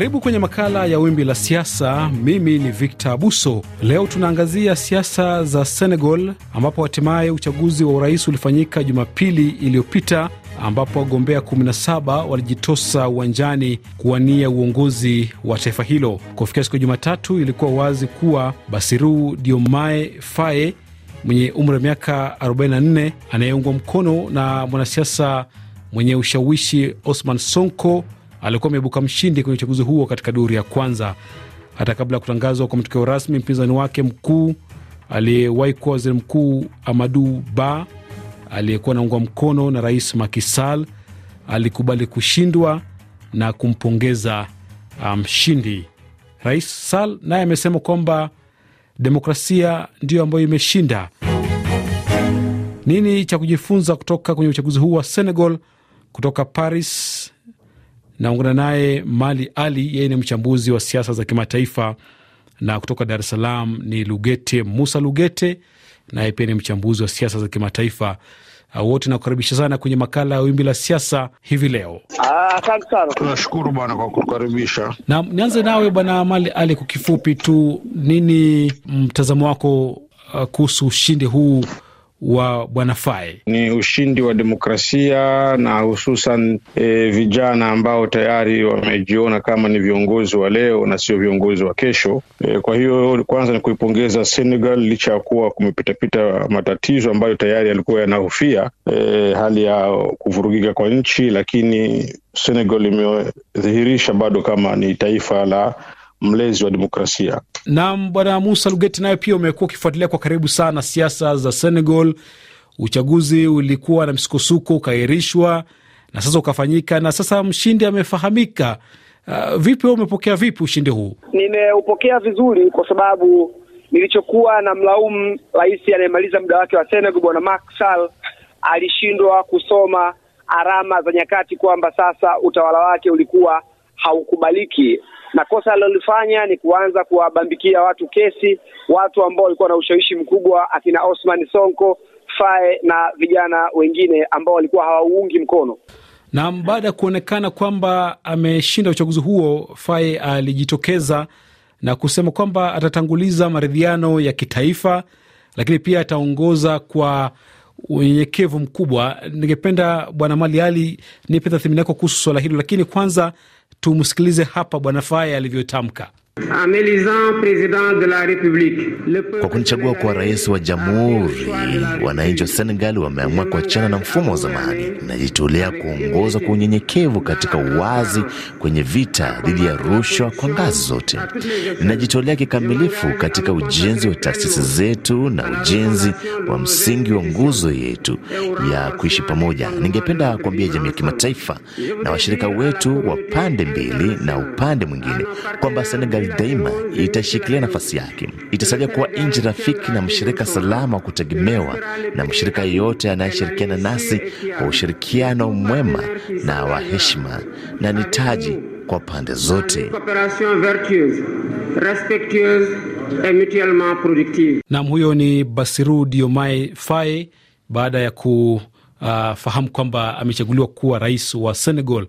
Karibu kwenye makala ya Wimbi la Siasa. Mimi ni Victor Abuso. Leo tunaangazia siasa za Senegal, ambapo hatimaye uchaguzi wa urais ulifanyika Jumapili iliyopita, ambapo wagombea 17 walijitosa uwanjani kuwania uongozi wa taifa hilo. Kufikia siku ya Jumatatu, ilikuwa wazi kuwa Bassirou Diomaye Faye mwenye umri wa miaka 44 anayeungwa mkono na mwanasiasa mwenye ushawishi Osman Sonko alikuwa ameibuka mshindi kwenye uchaguzi huo katika duru ya kwanza. Hata kabla ya kutangazwa kwa matokeo rasmi, mpinzani wake mkuu aliyewahi kuwa waziri mkuu Amadu Ba aliyekuwa anaungwa mkono na rais makisal alikubali kushindwa na kumpongeza ah, mshindi. Um, Rais sal naye amesema kwamba demokrasia ndiyo ambayo imeshinda. Nini cha kujifunza kutoka kwenye uchaguzi huu wa Senegal? Kutoka Paris Naungana naye Mali Ali, yeye ni mchambuzi wa siasa za kimataifa, na kutoka Dar es Salaam ni Lugete Musa Lugete, naye pia ni mchambuzi wa siasa za kimataifa. Uh, wote nakukaribisha sana kwenye makala ya Wimbi la Siasa hivi leo. Ah, asante sana, tunashukuru bwana kwa kukaribisha. Na nianze nawe bwana Mali Ali, kwa kifupi tu, nini mtazamo wako uh, kuhusu ushindi huu wa Bwana Faye. Ni ushindi wa demokrasia na hususan e, vijana ambao tayari wamejiona kama ni viongozi wa leo na sio viongozi wa kesho. E, kwa hiyo kwanza ni kuipongeza Senegal licha ya kuwa kumepitapita matatizo ambayo tayari yalikuwa yanahofia e, hali ya kuvurugika kwa nchi, lakini Senegal imedhihirisha bado kama ni taifa la mlezi wa demokrasia. Naam, Bwana Musa Lugeti, nayo pia umekuwa ukifuatilia kwa karibu sana siasa za Senegal. Uchaguzi ulikuwa na msukosuko, ukaahirishwa na sasa ukafanyika, na sasa mshindi amefahamika. Uh, vipi wewe umepokea vipi ushindi huu? Nimeupokea vizuri kwa sababu nilichokuwa na mlaumu rais anayemaliza muda wake wa Senegal Bwana Macky Sall alishindwa kusoma alama za nyakati kwamba sasa utawala wake ulikuwa haukubaliki, na kosa alilofanya ni kuanza kuwabambikia watu kesi, watu ambao walikuwa na ushawishi mkubwa, akina Osman Sonko, Fae na vijana wengine ambao walikuwa hawaungi mkono. Na baada ya kuonekana kwamba ameshinda uchaguzi huo, Fae alijitokeza na kusema kwamba atatanguliza maridhiano ya kitaifa, lakini pia ataongoza kwa unyenyekevu mkubwa. Ningependa Bwana Mali Ali nipe tathmini yako kuhusu swala hilo, lakini kwanza Tumsikilize hapa Bwana Faye alivyotamka. Kwa kunichagua kwa rais wa jamhuri, wananchi wa Senegali wameamua kuachana na mfumo wa zamani. Najitolea kuongoza kwa unyenyekevu katika uwazi kwenye vita dhidi ya rushwa kwa ngazi zote. Ninajitolea kikamilifu katika ujenzi wa taasisi zetu na ujenzi wa msingi wa nguzo yetu ya kuishi pamoja. Ningependa kuambia jamii ya kimataifa na washirika wetu wa pande mbili na upande mwingine kwamba Senegal daima itashikilia nafasi yake, itasaidia kuwa nchi rafiki na mshirika salama wa kutegemewa na mshirika yeyote anayeshirikiana nasi kwa ushirikiano mwema na wa heshima, na ni taji kwa pande zote. Nam, huyo ni Basiru Diomaye Faye baada ya kufahamu uh, kwamba amechaguliwa kuwa rais wa Senegal.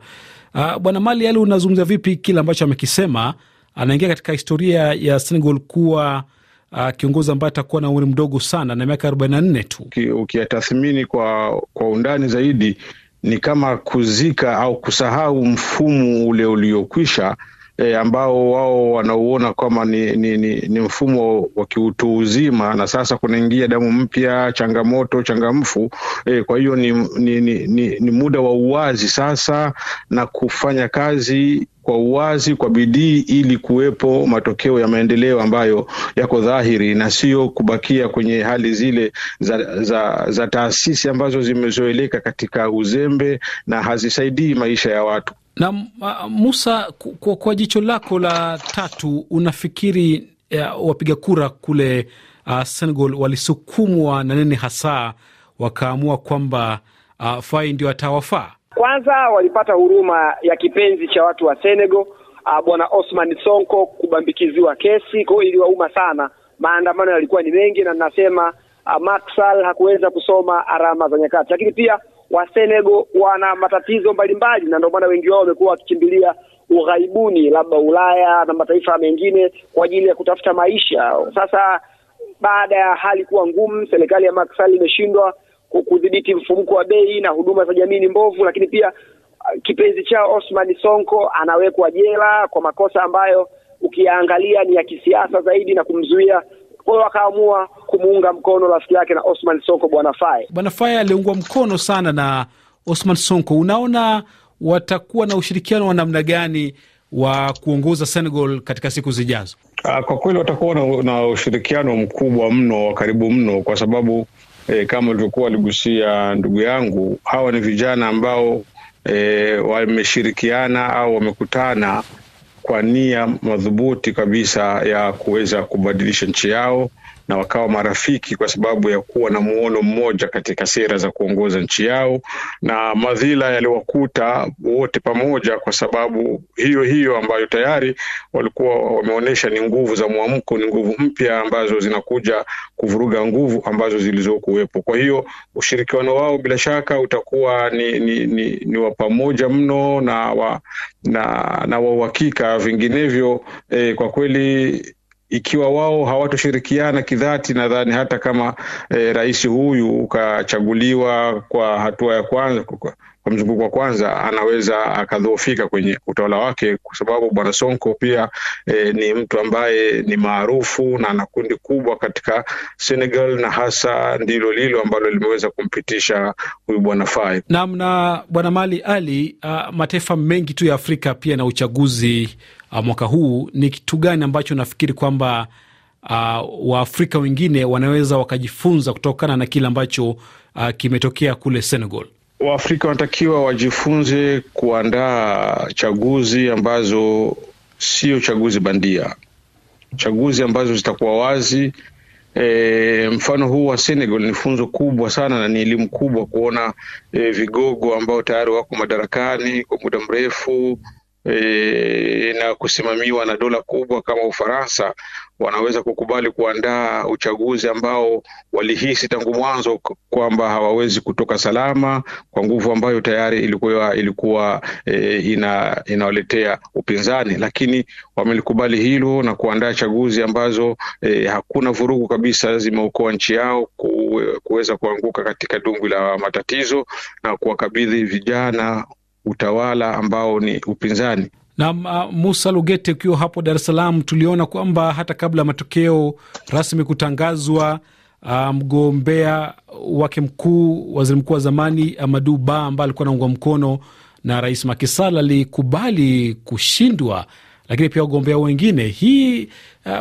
Uh, Bwana Mali Ali, unazungumza vipi kile ambacho amekisema anaingia katika historia ya Senegal kuwa Uh, kiongozi ambaye atakuwa na umri mdogo sana na miaka arobaini na nne tu. Ukiyatathmini kwa, kwa undani zaidi ni kama kuzika au kusahau mfumo ule uliokwisha, e, ambao wao wanauona kama ni, ni, ni, ni mfumo wa kiutu uzima, na sasa kunaingia damu mpya, changamoto changamfu. E, kwa hiyo ni, ni, ni, ni, ni muda wa uwazi sasa na kufanya kazi kwa uwazi, kwa bidii, ili kuwepo matokeo ya maendeleo ambayo yako dhahiri na sio kubakia kwenye hali zile za, za, za taasisi ambazo zimezoeleka katika uzembe na hazisaidii maisha ya watu. Na uh, Musa, kwa, kwa jicho lako la tatu, unafikiri uh, wapiga kura kule uh, Senegal walisukumwa na nini hasa wakaamua kwamba uh, Fai ndio atawafaa? Kwanza walipata huruma ya kipenzi cha watu wa Senegal, ah, bwana Osman Sonko kubambikiziwa kesi, kwa hiyo iliwauma sana. Maandamano yalikuwa ni mengi, na ninasema ah, Maxal hakuweza kusoma alama za nyakati, lakini pia Wasenego wana matatizo mbalimbali, na ndio maana wengi wao wamekuwa wakikimbilia ughaibuni, labda Ulaya na mataifa mengine kwa ajili ya kutafuta maisha. Sasa baada ya hali kuwa ngumu, serikali ya Maxal imeshindwa kudhibiti mfumuko wa bei na huduma za jamii ni mbovu, lakini pia uh, kipenzi chao Osman Sonko anawekwa jela kwa makosa ambayo ukiyaangalia ni ya kisiasa zaidi na kumzuia kwa hiyo akaamua kumuunga mkono rafiki yake na Osman Sonko, bwana Faye. Bwana Faye aliungwa mkono sana na Osman Sonko. Unaona watakuwa na ushirikiano wa namna gani wa kuongoza Senegal katika siku zijazo? Ah, kwa kweli watakuwa na, na ushirikiano mkubwa mno wa karibu mno, kwa sababu e, kama ulivyokuwa aligusia ndugu yangu, hawa ni vijana ambao e, wameshirikiana au wamekutana kwa nia madhubuti kabisa ya kuweza kubadilisha nchi yao na wakawa marafiki kwa sababu ya kuwa na muono mmoja katika sera za kuongoza nchi yao, na madhila yaliwakuta wote pamoja kwa sababu hiyo hiyo ambayo tayari walikuwa wameonyesha ni nguvu za mwamko, ni nguvu mpya ambazo zinakuja kuvuruga nguvu ambazo zilizokuwepo. Kwa hiyo ushirikiano wao bila shaka utakuwa ni, ni, ni, ni wa pamoja mno na wa na, na wa uhakika, vinginevyo eh, kwa kweli ikiwa wao hawatoshirikiana kidhati, nadhani hata kama e, rais huyu ukachaguliwa kwa hatua ya kwanza kwa mzunguko wa kwanza anaweza akadhoofika kwenye utawala wake, kwa sababu bwana Sonko pia e, ni mtu ambaye ni maarufu na ana kundi kubwa katika Senegal, na hasa ndilo lilo ambalo limeweza kumpitisha huyu bwana Faye. Naam, na bwana Mali Ali, uh, mataifa mengi tu ya Afrika pia na uchaguzi uh, mwaka huu, ni kitu gani ambacho nafikiri kwamba uh, Waafrika wengine wanaweza wakajifunza kutokana na kile ambacho uh, kimetokea kule Senegal? Waafrika wanatakiwa wajifunze kuandaa chaguzi ambazo sio chaguzi bandia, chaguzi ambazo zitakuwa wazi. E, mfano huu wa Senegal ni funzo kubwa sana na ni elimu kubwa kuona e, vigogo ambao tayari wako madarakani kwa muda mrefu e, na kusimamiwa na dola kubwa kama Ufaransa wanaweza kukubali kuandaa uchaguzi ambao walihisi tangu mwanzo kwamba hawawezi kutoka salama kwa nguvu ambayo tayari ilikuwa ilikuwa e, ina, inawaletea upinzani, lakini wamelikubali hilo na kuandaa chaguzi ambazo e, hakuna vurugu kabisa, zimeokoa nchi yao kuweza kuanguka katika dumbwi la matatizo na kuwakabidhi vijana utawala ambao ni upinzani. Na uh, Musa Lugete, ukiwa hapo Dar es Salaam, tuliona kwamba hata kabla ya matokeo rasmi kutangazwa, uh, mgombea wake mkuu, waziri mkuu wa zamani Amadu Ba ambaye alikuwa anaungwa mkono na Rais makisal alikubali kushindwa, lakini pia wagombea wengine. Hii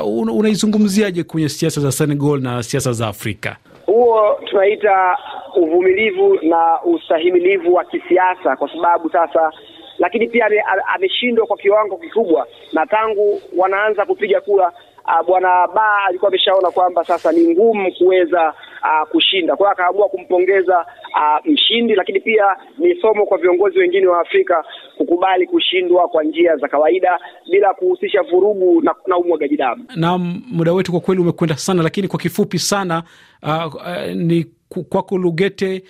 uh, unaizungumziaje kwenye siasa za Senegal na siasa za Afrika? huo tunaita uvumilivu na ustahimilivu wa kisiasa, kwa sababu sasa lakini pia ameshindwa kwa kiwango kikubwa, na tangu wanaanza kupiga kura ah, bwana Ba alikuwa ameshaona kwamba sasa ni ngumu kuweza uh, kushinda. Kwa hiyo akaamua kumpongeza uh, mshindi, lakini pia ni somo kwa viongozi wengine wa Afrika kukubali kushindwa kwa njia za kawaida bila kuhusisha vurugu na, na umwagaji damu. Naam, muda wetu kwa kweli umekwenda sana, lakini kwa kifupi sana uh, uh, ni kwako Lugete,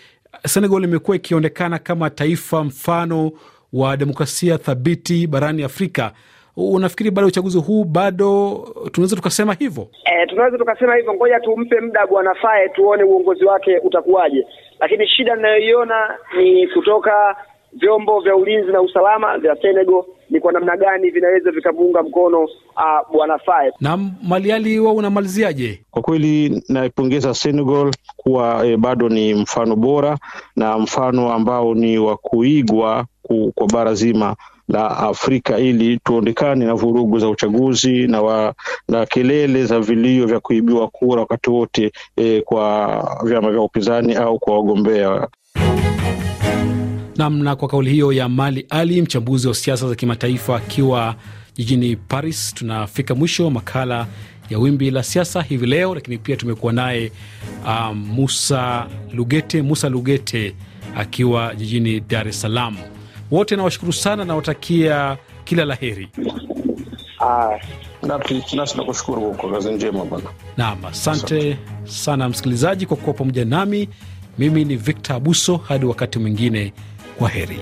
Senegal imekuwa ikionekana kama taifa mfano wa demokrasia thabiti barani Afrika. Unafikiri baada ya uchaguzi huu bado tunaweza tukasema hivyo? E, tunaweza tukasema hivyo. Ngoja tumpe muda Bwana Faye, tuone uongozi wake utakuwaje, lakini shida ninayoiona ni kutoka vyombo vya ulinzi na usalama vya Senegal ni kwa namna gani vinaweza vikamuunga mkono uh, bwana Faye. Na Maliali, wao unamaliziaje? Kwa kweli naipongeza Senegal kuwa eh, bado ni mfano bora na mfano ambao ni wa kuigwa kwa bara zima la Afrika ili tuondekane na vurugu za uchaguzi na, wa, na kelele za vilio vya kuibiwa kura wakati wote e, kwa vyama vya upinzani au kwa wagombea namna kwa kauli hiyo ya Mali Ali, mchambuzi wa siasa za kimataifa akiwa jijini Paris, tunafika mwisho wa makala ya wimbi la siasa hivi leo, lakini pia tumekuwa naye um, Musa Lugete Musa Lugete akiwa jijini Dar es Salaam wote nawashukuru sana, nawatakia kila la heri. Ah, Nasi nakushukuru kazi njema bwana. Naam, asante sana msikilizaji kwa kuwa pamoja nami. Mimi ni Victor Abuso, hadi wakati mwingine, kwa heri.